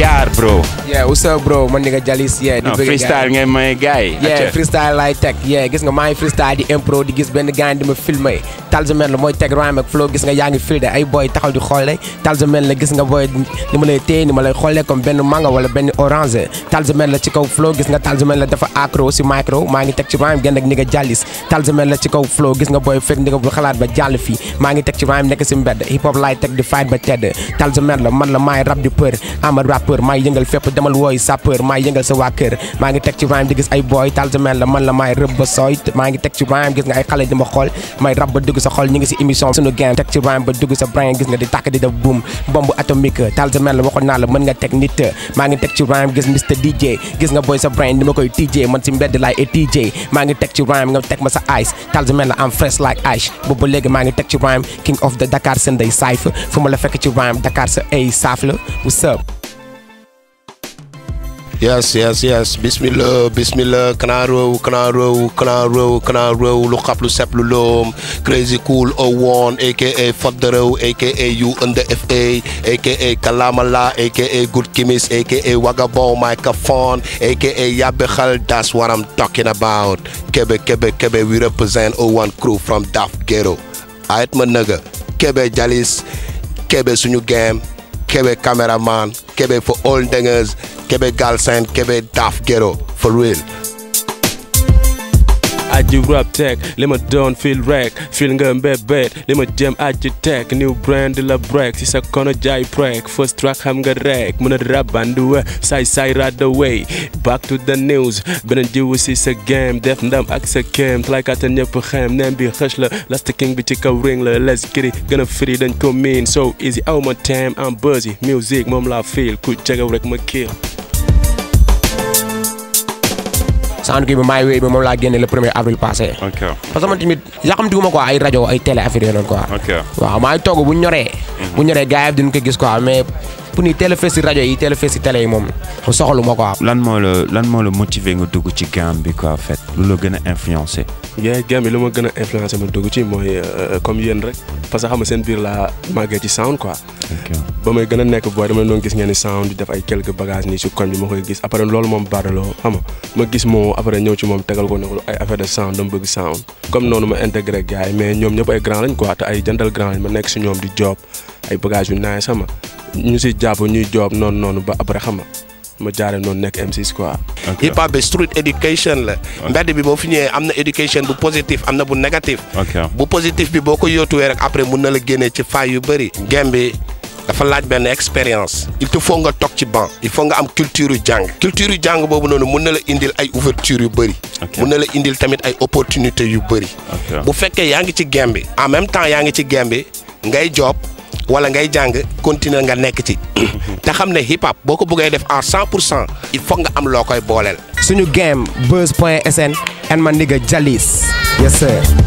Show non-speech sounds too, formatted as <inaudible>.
ziar bro. yeah what's up bro gis nga maa ngi freestyle di impro di gis benn gars di ma filmé Talzamane la mooy teg rhyme ak flow gis nga yaa ngi la gis nga boy ni ma lay téye ni ma la ci kaw flow gis nga Talzamane la dafa accro si micro maa ngi teg ci rhyme gën ba jàll fii maa ngi teg ci rhyme nekk si mbedd hip hop laay teg di ba tedd Talzamane la man la maay rap di peur ama rap rappeur maay yëngal fépp demal wooy sapeur maay yëngal sa waa kër maa ngi teg ci rhyme gis nga ay xale di ma xool may rab ba dugg sa xol ñu ngi si émission sunu game teg ci rhyme gis Mr DJ gis nga booy sa brain ni ma koy TJ man si mbedd laay et maa ngi teg ci rhyme nga teg ma sa ice talsumel la am fresh like ice boobu léegi maa ngi teg ci rhyme king of the Dakar seen day saaf fu ma la fekk ci rhyme Dakar sa ay saaf la what's up Yes, yes, yes. Bismillah, bismillah. Kanaro, Kanaro, Kanaro, Kanaro. Look up, Lucep, Lulom. Crazy Cool 01, aka Fadero, aka You Under FA, aka Kalamala, aka Good Kimis, aka Wagabon Microphone, aka Yabechal. That's what I'm talking about. Kebe, Kebe, Kebe. We represent 01 crew from Daft Ghetto. Aight, my nigga. Kebe Jalis, Kebe game, Kebe Cameraman, Kebe for all dingers. Quebec Galsan, Kebe Daft Ghetto, for real. I do rap tech, let me down feel wreck, feeling a bad bad, let me jam at your tech, new brand de break, it's a corner jai break, first track I'm gonna wreck, muna rap and do eh, it, side side right away, back to the news, ben and do is a game, death and damn axa cam, like at a nepaham, nem be hushler, last king be chick ringler, let's get it, gonna free then come in, so easy all my time, I'm busy, music, mom la feel, could check a wreck my kill. Sane kii maay wéy moom laa génne le premier avril passé. parce que man tamit yàqamtigu ma quoi ay rajo ay télé affaire yooyu noonu quoi. waaw maa ngi bu ñoree. Mhm. bu ñoree gars yi dinañ ko gis quoi pour ni teel a fees si rajo yi teel a fees si télé yi moom soxalu ma ko am. lan moo la lan moo motiver nga dugg ci game bi quoi en fait lu la gën a influencé. yee game bi lu ma gën a influencé ma dugg ci mooy euh, euh, comme yéen rek parce que xam seen biir laa màggee ci sound quoi. ba may gën a nekk booy dama doon gis ngeen ni sound di def ay quelques bagages nii si koñ bi ma koy gis après loolu moom baadaloo xam nga ma gis moo après ñëw ci moom tegal ko ne ay affaire de sound dama bëgg sound nekk si ñoom di job ay bagages ñu si jàpp ñuy joob noonu ba après xam ma jaare noonu nekk M6 quoi. hip bi street education la. mbedd bi boo fi ñëwee am na education bu positif am na bu négatif. bu positif bi boo ko yóotuwee rek après mun na la génnee ci faay yu bëri. game dafa laaj benn expérience. il te faut nga toog ci banc. il faut nga am culture yu jàng. culture yu boobu noonu mun na la indil ay ouverture yu bëri. mun na la indil tamit ay opportunité yu bëri. bu fekkee yaa ngi ci game en même temps yaa ngi ci game ngay job. wala ngay jàng continuer nga nekk ci <coughs> te xam ne hip hop boo ko bëggee def en cent pour cent il faut nga am loo koy booleel suñu game buzz point sn man my nigga Jalis yes